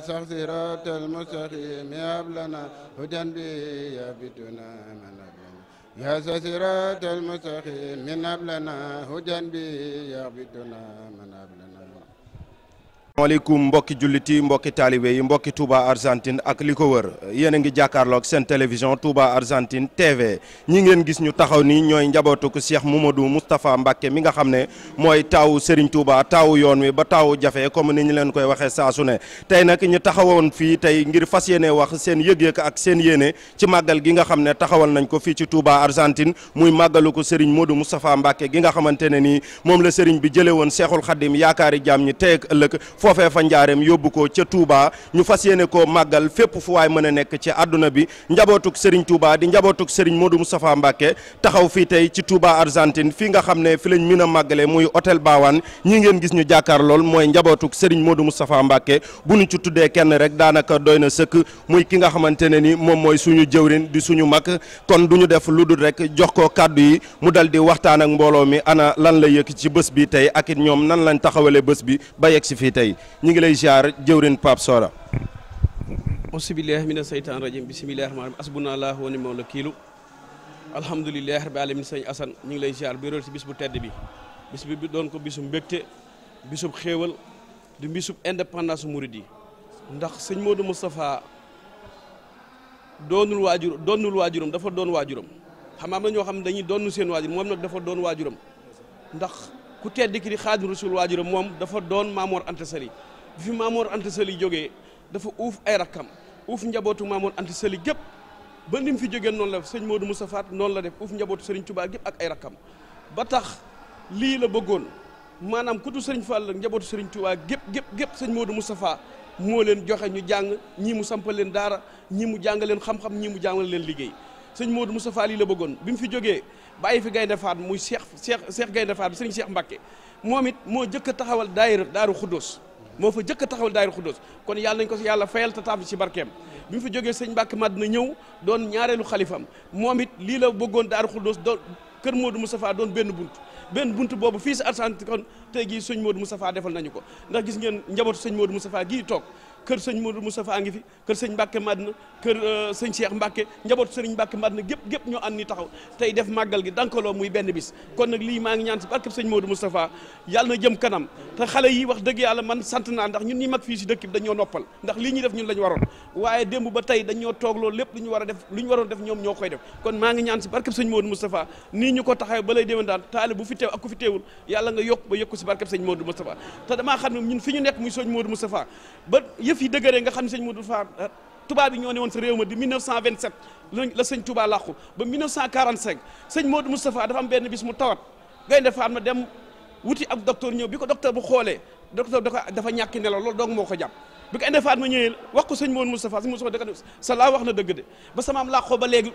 صراط المستقيم أبلنا هدى به يبتنا من أبلنا يا صراط المستقيم من أبلنا هدى به يبتنا من أبلنا maaleykum mbokki jullit yi mbokki taalibe yi mbokki Touba Argentine ak li ko wër yéen a ngi jàkkaarlook seen télévision Touba Argentine TV ñi ngeen gis ñu taxaw ni ñooy njabootu ko Cheikh Mouhamadou Moustapha Mbacké mi nga xam ne mooy taawu Serigne Touba taawu yoon wi ba taawu jafe comme ni ñu leen koy waxee saa ne tey nag ñu taxawoon fii tey ngir fas yenee wax seen yëg-yëg ak seen yéene ci màggal gi nga xam ne taxawal nañ ko fii ci Touba Argentine muy màggalu ko Serigne Modou Moustapha Mbacké gi nga xamante ne nii moom la Serigne bi jëlee woon Cheikhul Khadim yaakaari jaam ñi tey ak foofee fa njaareem yóbbu ko ca Touba ñu fas yéene ko màggal fépp fu waay mën a nekk ci àdduna bi njabootug Serigne Touba di njabootug sëriñ Modou Moustapha Mbacké taxaw fii tey ci Touba Argentine fii nga xam ne fi lañ mën a màggalee muy hôtel Bawane ñi ngeen gis ñu jàkkaar mooy njabootug Serigne Modou Moustapha Mbacké bu ñu ci tuddee kenn rek daanaka doy na sëkk muy ki nga xamante ne ni moom mooy suñu jëwrin di suñu mag kon du ñu def lu dul rek jox ko kàddu yi mu dal di waxtaan ak mbooloo mi ana lan la yëkk ci bés bi tey ak it ñoom nan lañ taxawalee bés bi ba yegg si fii tey ñu ngi lay ziar jëwrin Pape Soda ausubillahi mina seytaan rajim bisimilahi rahmaan rahim asbuna laa wa ni'mal wakiilu alhamdulilahi rabbil alamin sëñ Assane ñu ngi lay ziar birool si bis bu tedd bi bis bi doon ko bisu mbégte bisub xéewal du bisub indépendance murid yi ndax sëñ Modou Moustapha doonul waajur doonul waajuram dafa doon waajuram xam am na ñoo xam ne dañuy doonu seen waajur moom nag dafa doon waajuram ndax ku tedd ki di xaadimu rasul waajuram moom dafa doon Maamoor Anta Sali bi fi Maamoor Anta Sali jógee dafa uuf ay rakkam uuf njabootu Maamoor Anta Sali gépp ba ni mu fi jógee noonu la sëñ Modou Moustapha noonu la def uuf njabootu Serigne Touba gépp ak ay rakkam ba tax lii la bëggoon maanaam ku tu Serigne la njabootu Serigne Touba gépp gépp gépp sëñ Modou Moustapha moo leen joxe ñu jàng ñii mu sampal leen daara ñii mu jàng leen xam-xam ñii mu jàngal leen liggéey sëñ Modou Moustapha lii la bëggoon bi mu fi jógee bàyyi fi Gaynde Fatma muy Cheikh Cheikh Cheikh Gaynde Fatma sëñ Cheikh Mbacke moom it moo jëkk taxawal daayira daaru xuddoos moo fa jëkk a taxawal daayira xuddoos kon yàlla nañ ko si yàlla fayal tataab ci barkeem bi mu fi jógee sëñ Mbacke na ñëw doon ñaareelu xalifam moom it lii la bëggoon daaru xuddoos doon kër Modou Moustapha doon benn bunt benn bunt boobu fii si Argentine kon tey gii sëñ mu safaa defal nañu ko ndax gis ngeen njabootu sëñ Modou Moustapha gii toog kër sëñ Modou Moustapha a ngi fi kër sëñ Mbacke Madina kër euh, sëñ Cheikh Mbacke njabootu sëriñ Mbacke Madina gépp gépp ñoo ànd ni taxaw tey def màggal gi dankaloo benn bis kon lii maa ngi ñaan si barkeb sëñ xale yi wax dëgg yàlla man sant naa ndax ñun ñi mag fii si dëkk bi dañoo noppal ndax lii ñuy def ñun lañ waroon ba dañoo toog loolu lépp lu ñu war a lu ñu waroon def ñoom ñoo koy def kon maa ngi ñaan si barkeb sëñ Modou Moustapha nii ñu ko taxawee nga yokk ba yokku si barkeb sëñ Modou Moustapha te damaa xam ne fi ñu nekk muy sëñ Modou Moustapha ba yëf yi dëgëree nga xam ne sëñ Modou Fall ah, tubaab yi ñoo ne woon sa réew ma di 1927 la sëñ Touba làqu ba 1945 sëñ Modou Moustapha dafa am benn bis mu tawat Gaynde Fatma dem wuti ab docteur ñëw bi ko docteur bu xoolee docteur dafa dafa ñàkk nelaw loolu dong moo ko jàpp bi ko Gaynde Fatma ñëwee wax ko sëñ Modou Moustapha sëñ sa laa wax na dëgg de ba sama am làqoo ba léegi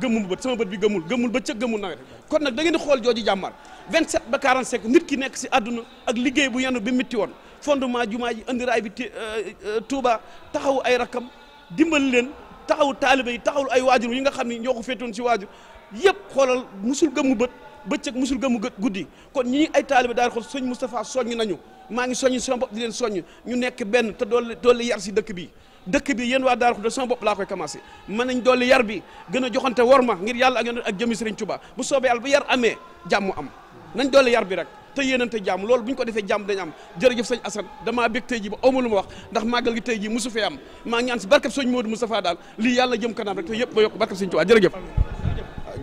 gëmmu bët sama bët bi gëmul gëmul ba ca gëmul kon nag da ngeen di xool jooju jàmmaar 27 ba 45 nit ki nekk si àdduna ak liggéey bu yenu bi métti woon fondement jumaa ji andi raay bi euh, euh, Touba taxaw ay rakam dimbali leen taxaw taaliba yi taxaw ay waajur yi nga xam ne ñoo ko féetoon si waajur yëpp xoolal musul gëmmu bët bëccëg musul gëmmu guddi kon ñi ay taaliba daal xool sëñ Moustapha soññ nañu maa ngi soñ sama bopp di leen soññ ñu nekk benn te doole doole yar si dëkk bi dëkk bi yéen waa Daaru Xudoos sama bopp laa koy commencé mën nañ doole yar bi gën a joxante worma ngir yàlla ak ak jëmi Sëriñ Tuubaa bu soobee yàlla yar amee jàmm am nañ doole yar bi rek te yéenante jàmm loolu bu ñu ko defee jàmm dañ am jërëjëf sëñ Assane damaa bég tey ba aw ma lu ma wax ndax màggal gi tey ji mosu fee am maa ngi ñaan si barkab sëñ Modou Moustapha daal lii yàlla jëm kanam rek te yëpp ba yokk barkab sëñ Tuubaa jërëjëf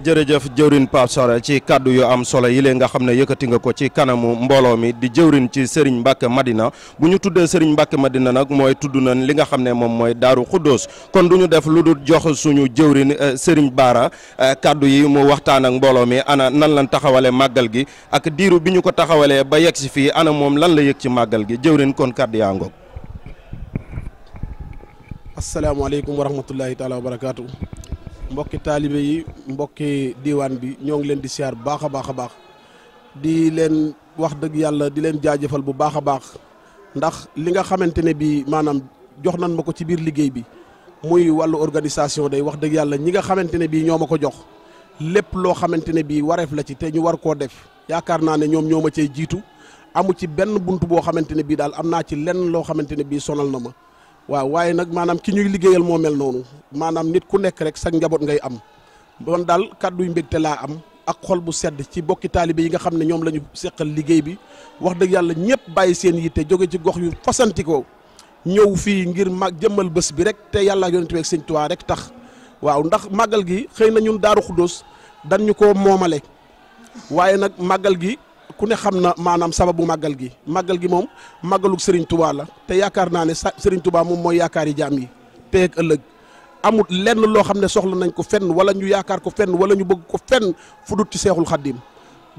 jërëjëf jëwrin Pape Sora ci kàddu yu am solo yi nga xam ne yëkkati nga ko ci kanamu mbooloo mi di jëwrin ci Serigne Mbacke Madina bu ñu tuddee Serigne Mbacke Madina nag mooy tudd nañ li nga xam ne moom mooy Daaru Xuddoos kon du ñu def lu dul jox suñu jëwrin eh, Serigne Baara eh, kàddu yi mu waxtaan ak mbooloo mi ana nan lañ taxawale màggal gi ak diiru bi ñu ko taxawalee ba yegg si fii ana moom lan la yëg ci màggal gi jëwrin kon kàddu yaa ngoog asalaamaaleykum wa rahmatullahi mbokki taalibe yi mbokki diwaan bi ñoo ngi leen di siyaar bu baax a baax a baax di leen wax dëgg yàlla di leen jaajëfal bu baax a baax ndax li nga xamante ne bii maanaam jox nan ma ko ci biir liggéey bi muy wàllu organisation day wax dëgg yàlla ñi nga xamante ne bii ñoo ma ko jox lépp loo xamante ne bii wareef la ci te ñu war koo def yaakaar naa ne ñoom ñoo ma cay jiitu amu ci benn bunt boo xamante ne bii daal am naa ci lenn loo xamante ne bii sonal na ma. waaw waaye nag maanaam ki ñuy liggéeyal moo mel noonu maanaam nit ku nekk rek sa njaboot ngay am man daal kàdduy mbégte laa am ak xol bu sedd ci bokki taalibe yi nga xam ne ñoom la ñu seqal liggéey bi wax dëgg yàlla ñëpp bàyyi seen te jóge ci gox yu fasantikoo ñëw fii ngir mag jëmmal bés bi rek te yàlla yonent bi ak Sëñ Tuubaa rek tax waaw ndax màggal gi xëy na ñun daaru xudóos dañ ñu ko moomale waaye nag màggal gi ku ne xam na maanaam sababu màggal gi màggal gi moom màggalug Serigne tubaa la te yaakaar naa ne Serigne tubaa moom mooy yaakaari jaam yi tey ak ëllëg amut lenn loo xam ne soxla nañ ko fenn wala ñu yaakaar ko fenn wala ñu bëgg ko fenn fu dut ci seexul xaddim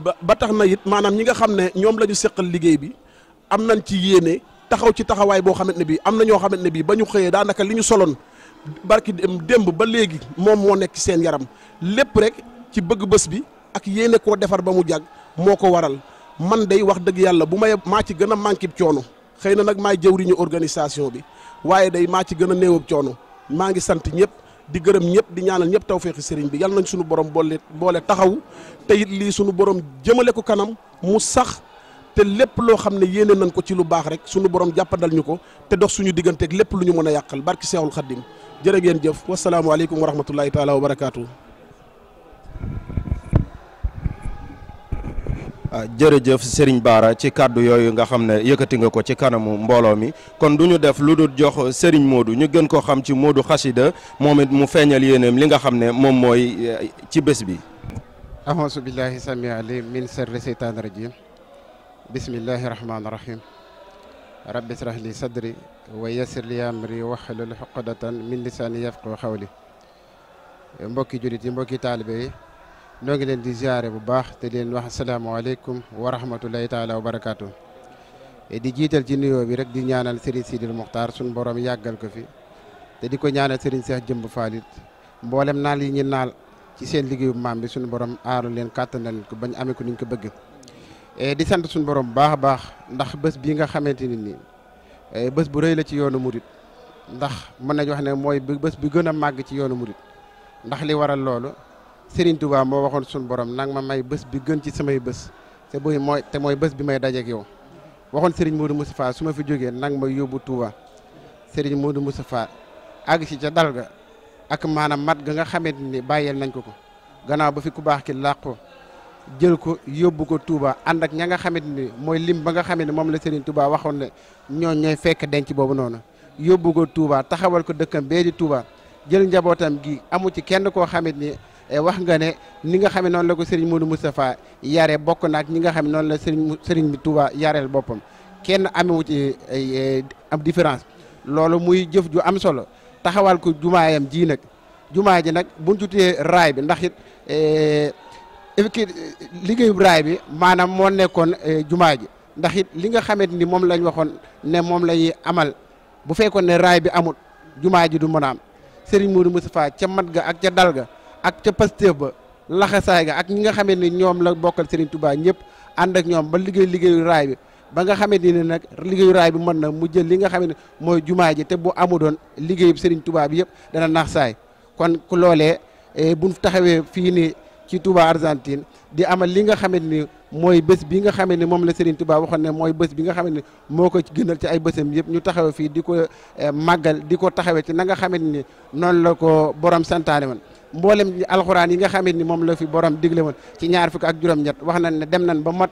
ba ba tax na it maanaam ñi nga xam ne ñoom la ñu liggéey bi am nañ ci yéene taxaw ci taxawaay boo xamante ne bii am na ñoo xamante ne bii ba ñu xëyee daanaka li ñu soloon barki démb ba léegi moom moo nekk seen yaram lépp rek ci bëgg bés bi ak yéene koo defar ba mu jàgg moo ko waral man dey wax dëgg yàlla bu may maa ci gën a manqué coono xëy na nag maay jëwriñu organisation bi waaye day maa ci gën a néewab coono maa ngi sant ñëpp di gërëm ñëpp di ñaanal ñëpp tawféexi sëriñ bi yàlla nañ suñu borom boole boole taxaw te it lii suñu borom jëmale ko kanam mu sax te lépp loo xam ne yéene nañ ko ci lu baax rek suñu borom jàppandal ñu ko te dox suñu digganteeg lépp lu ñu mën a yàqal barki seexul xaddim jërë ngeen jëf wasalaamualeykum wa rahmatullahi taala wa barakaatu. Ah, jërëjëf Serigne Bara ci kàddu yooyu nga xam ne yëkkati nga ko ci kanamu mbooloo mi kon du ñu def lu dul jox Serigne moodu ñu gën koo xam ci Modou Xasida moom mu feeñal yéeneem li nga xam ne moom mooy eh, ci bés bi ahousu billahi sami alim min sharri seytaani rajim bismillahi rahmaani rahim rabbi israh li sadri wa yassir li amri wahlul uqdatan min lisaani yafqahu qawli mbokki jullit yi mbokki taalibe ñoo ngi leen di ziare bu baax te leen wax asalaamaaleykum wa rahmatulahi taala wa barakaatu. E di jiital ci nuyoo bi rek di ñaanal Serigne Sidil Mokhtar suñu borom yàggal ko fi te di ko ñaanal Serigne Cheikh Jëmb faalit mboolem naal yi ñu naal ci seen liggéeyu maam bi suñu borom aaru leen kàttanal ko bañ amee ko niñ ko bëgg. E di sant suñu borom bu baax a baax ndax bës bii nga xamante ne nii e bés bu rëy la ci yoonu murit ndax mën nañu wax ne mooy bés bi gën a màgg ci yoonu murit ndax li waral loolu. Serigne Touba moo waxoon suñu borom nag ma may bés bi gën ci samay bës te buy mooy te mooy bës bi may dajeeg yow waxoon Serigne Modou Moustapha su ma fi jógee nag ma yóbbu Touba Serigne Modou Moustapha àgg si ca dal ga ak maanaam mat ga nga xamante ni bàyyeel nañ ko ko gannaaw ba fi ku baax ki laax ko jël ko yóbbu ko Touba ànd ak ña nga xamante ni mooy lim ba nga xam ne moom la Serigne Touba waxoon ne ñoo ñoy fekk denc boobu noonu yóbbu ko Touba taxawal ko dëkkam bee di jël njabootam gi amu ci kenn koo xamante ni. Eh, wax nga ne ni nga xam ne noonu la ko Serigne Modou Moustapha yare bokk na ak ñi nga xam noonu la Serigne Serigne bi Touba yareel boppam kenn amewu ci eh, eh, am différence loolu muy jëf ju am solo taxawal ko yam jii nag jumaa ji nag bu ñu tuddee raay bi ndax it liggéeyu raay bi maanaam moo nekkoon jumaa ji ndax it li nga xamante ni moom lañ waxoon ne moom lañuy amal bu fekkoon ne raay bi amut jumaa ji du mën a am Serigne Modou Moustapha ca mat ga ak ca dal ga ak ca Pastef ba laxasaay ga ak ñi nga xamee ni ñoom la bokkal Serigne Touba ñëpp ànd ak ñoom ba liggéey liggéeyu raay bi ba nga xamee ni nag liggéeyu raay bi mën na mu jël li nga xam ne mooy jumaa ji te bu amu doon liggéeyub Serigne Touba bi yëpp dana nax saay kon ku loolee eh, buñ taxawee fii nii. ci Touba Argentine di amal li nga xamante ni mooy bés bi nga xamante ni moom la Serigne Touba waxoon ne mooy bés bi nga xamante ni moo ko gënal ci ay bésam yëpp ñu taxawe fii di ko eh, màggal di ko taxawee ci na nga xamante ni noonu la ko borom santaane woon mboolem alxuraan yi nga xamante ni moom la fi borom digle woon ci ñaar fukk ak juróom-ñett wax nañ ne dem nañ ba mat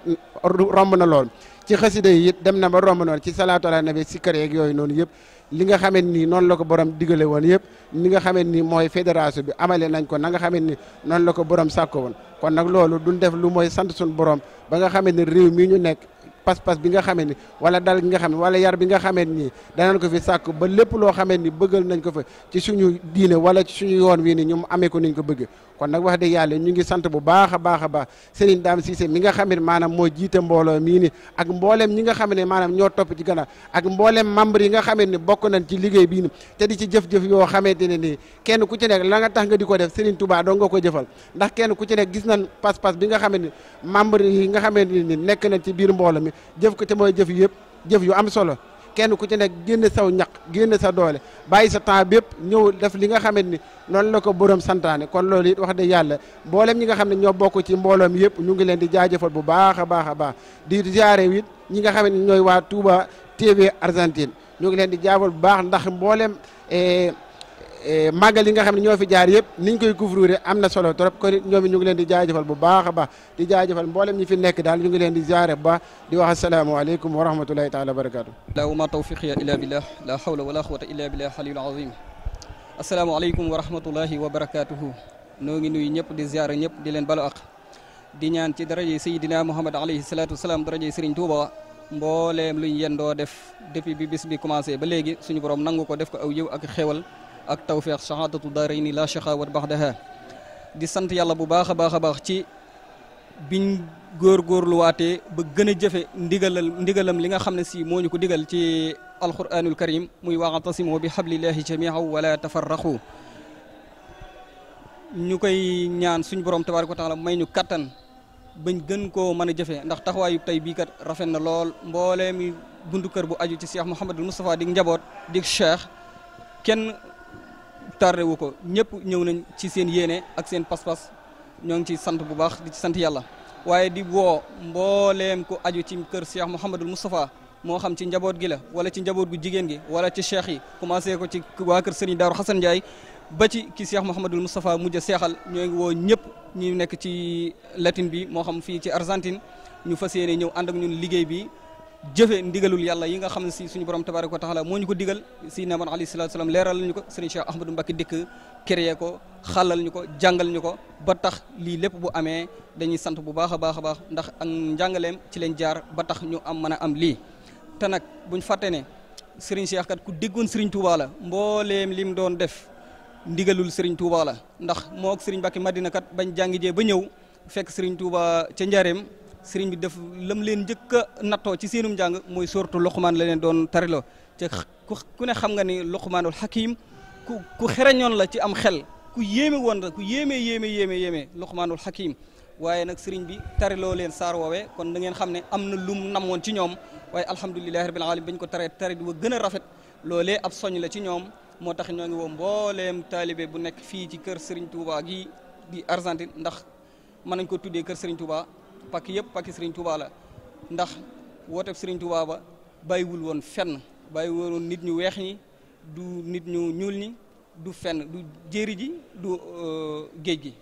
romb na lool ci xasida yi it dem na ba romb noonu ci salaatu ala nabi sikkar yeeg yooyu noonu yëpp li nga xamee ni noonu la ko borom digale woon yëpp li nga xamee ni mooy fédération bi amale nañ ko nanga nga xamee ni noonu la ko borom sàkko woon kon nag loolu duñ def lu mooy sant suñu borom ba nga xamee ni réew mii ñu nekk pas-pas bi nga xamee ni wala dal gi nga xam wala yar bi nga xamee ni danañ ko fi sàkk ba lépp loo xamee ni bëggal nañ ko fa ci suñu diine wala ci suñu yoon wii ni ñu amee ko niñ ko bëgg kon nag wax dëgg yàlla ñu ngi sant bu baax a baax a baax Serigne Dame Cissé mi nga xam ne maanaam moo jiite mbooloo mii ni ak mboolem ñi nga xam ne maanaam ñoo topp ci gannaaw ak mboolem membre yi nga xam ne bokk nañ ci liggéey bii ni te di ci jëf-jëf yoo xamante ne nii kenn ku ci nekk la nga tax nga di ko def Serigne tubaa doo nga ko jëfal ndax kenn ku ci nekk gis nañ pas-pas bi nga xam ne membre yi nga xam ni nekk nañ ci biir mbooloo mi jëf ko te mooy jëf yëpp jëf yu am solo kenn ku ci nekk génne saw ñaq génne sa doole bàyyi sa temps bépp ñëw def li nga xamante ni noonu la ko borom santaane kon loolu it wax dëgg yàlla mboolem ñi nga xam ne ñoo bokk ci mbooloom yëpp ñu ngi leen di jaajëfal bu baax a baax a baax di ziare it ñi nga xam ñooy waa Touba TV Argentine ñu ngi leen di jaafal bu baax ndax mboolem eh, Eh, màggal yi nga xam ne ñoo fi jaar yëpp niñ koy couvrir am na solo trop kon ñoom it ñu leen di jaajëfal bu baax a baax di jaajëfal mboolem ñi nekk daal ñu leen di ziare ba baax di wax asalaamaaleykum wa rahmatulahi taala wa barakaatu la ma tawfiqiya illa billah la hawla wala quwata illa billah aliyul azim asalaamaaleykum wa rahmatulahi wa barakatuhu noo ngi nuyu di ziare ñëpp di leen balu ak di ñaan ci daraje sayidina muhammad alayhi salatu wasalaam daraje sëriñ tuuba mbooleem luñ yendoo def depuis bi bis bi commencé ba léegi suñu borom nangu ko def ko aw yëw ak xewal ak tawféex sahaadatu daarayni la shaqawat baxdaha di sant yàlla bu baax a baax a baax ci biñ góorgóorluwaatee ba gën a jëfe ndigalal ndigalam li nga xam ne si moo ñu ko digal ci alquranul karim muy wa'tasimu bi hablillahi jami'an wala tafarraqu ñu koy ñaan suñu borom te tabaaraka ko taala may ñu kattan bañ gën koo mën a jëfee ndax taxawaayu tey bii kat rafet na lool mboolee mi buntu kër bu aju ci Cheikh Mouhamadul Moustapha di njaboot di cheikh kenn tardé wu ko ñëpp ñëw nañ ci seen yéene ak seen pas-pas ñoo ngi ci sant bu baax di ci sant yàlla waaye di woo mbooleem ku aju ci kër Cheikh Mouhamadul Moustapha moo xam ci njaboot gi la wala ci njaboot gu jigéen gi wala ci cheikh yi commencé ko ci waa kër Serigne Darou Xasan Ndiaye ba ci ki Cheikh Mouhamadul Moustapha mujj a seexal ñoo ngi woo ñëpp ñu nekk ci latin bi moo xam fii ci Argentine ñu fas yéene ñëw ànd ak ñun liggéey bi jëfe ndigalul yàlla yi nga xam ne si suñu borom tabaraka wa taala moo ñu ko digal si naman alayhi salatu salaam leeral ñu ko sëriñ Cheikh Ahmadou Mbacke dikk créé ko xalal ñu ko jàngal ñu ko ba tax lii lépp bu amee dañuy sant bu baax a baax a baax ndax ak ci leen jaar ba tax ñu am mën a am lii te nag buñ fàtte ne sëriñ Cheikh kat ku déggoon sëriñ Touba la mbooleem lim doon def ndigalul sëriñ Touba la ndax moo ak sëriñ Mbacke Madina kat bañ jàngi jee ba ñëw fekk sëriñ tuubaa ca njareem sëriñ bi def lam leen njëkk a nattoo ci seenum njàng mooy sortu Luqmaan la leen doon tariloo te ku ne xam nga ni Luqmaanul Hakim ku ku xereñoon la ci am xel ku yéeme woon la ku yéeme yéeme yéeme yéeme Luqmaanul Hakim waaye nag sëriñ bi tariloo leen saar woowee kon da ngeen xam ne am na lum namoon ci ñoom waaye alhamdulilahi rabbil alamin bañ ko taree tari wa gën a rafet loole ab soñ la ci ñoom moo tax ñoo ngi woo mbooleem taalibe bu nekk fii ci kër sëriñ Touba gi di Argentine ndax mën nañ ko tuddee kër sëriñ pakk yëpp pakki Serigne Touba la ndax wooteeb Serigne Touba ba bàyyiwul woon fenn bàyyiwul woon nit ñu weex ñi du nit ñu ñuul ñi du fenn du jéeri ji du euh, géej gi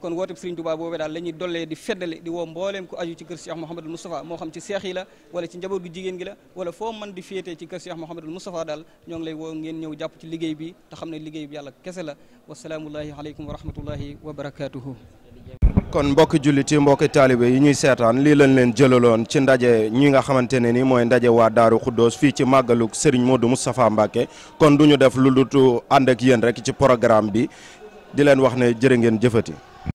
kon wooteeb Serigne Touba boobee daal la ñuy dollee di feddale di woo mbooleem ku aju ci kër Cheikh Mouhamadul Moustapha moo xam ci seex yi la wala ci njaboot gi jigéen gi la wala foo mën di féetee ci kër Cheikh Mouhamadul Moustapha daal ñoo ngi lay woo ngeen ñëw jàpp ci liggéey bi te xam ne liggéey bi yàlla kese la wasalaamullahi aleykum wa rahmatullahi wa barakaatuhu kon mbokki jullit yi mbokki taalibe yi ñuy seetaan lii lañ leen jëlaloon ci ndaje ñi nga xamante ne ni mooy ndaje waa Daaru Xuddoos fii ci màggalug Serigne Modou Moustapha Mbacke kon du ñu def lu dutu ànd ak yéen rek ci programme bi di leen wax ne jërë ngeen jëfati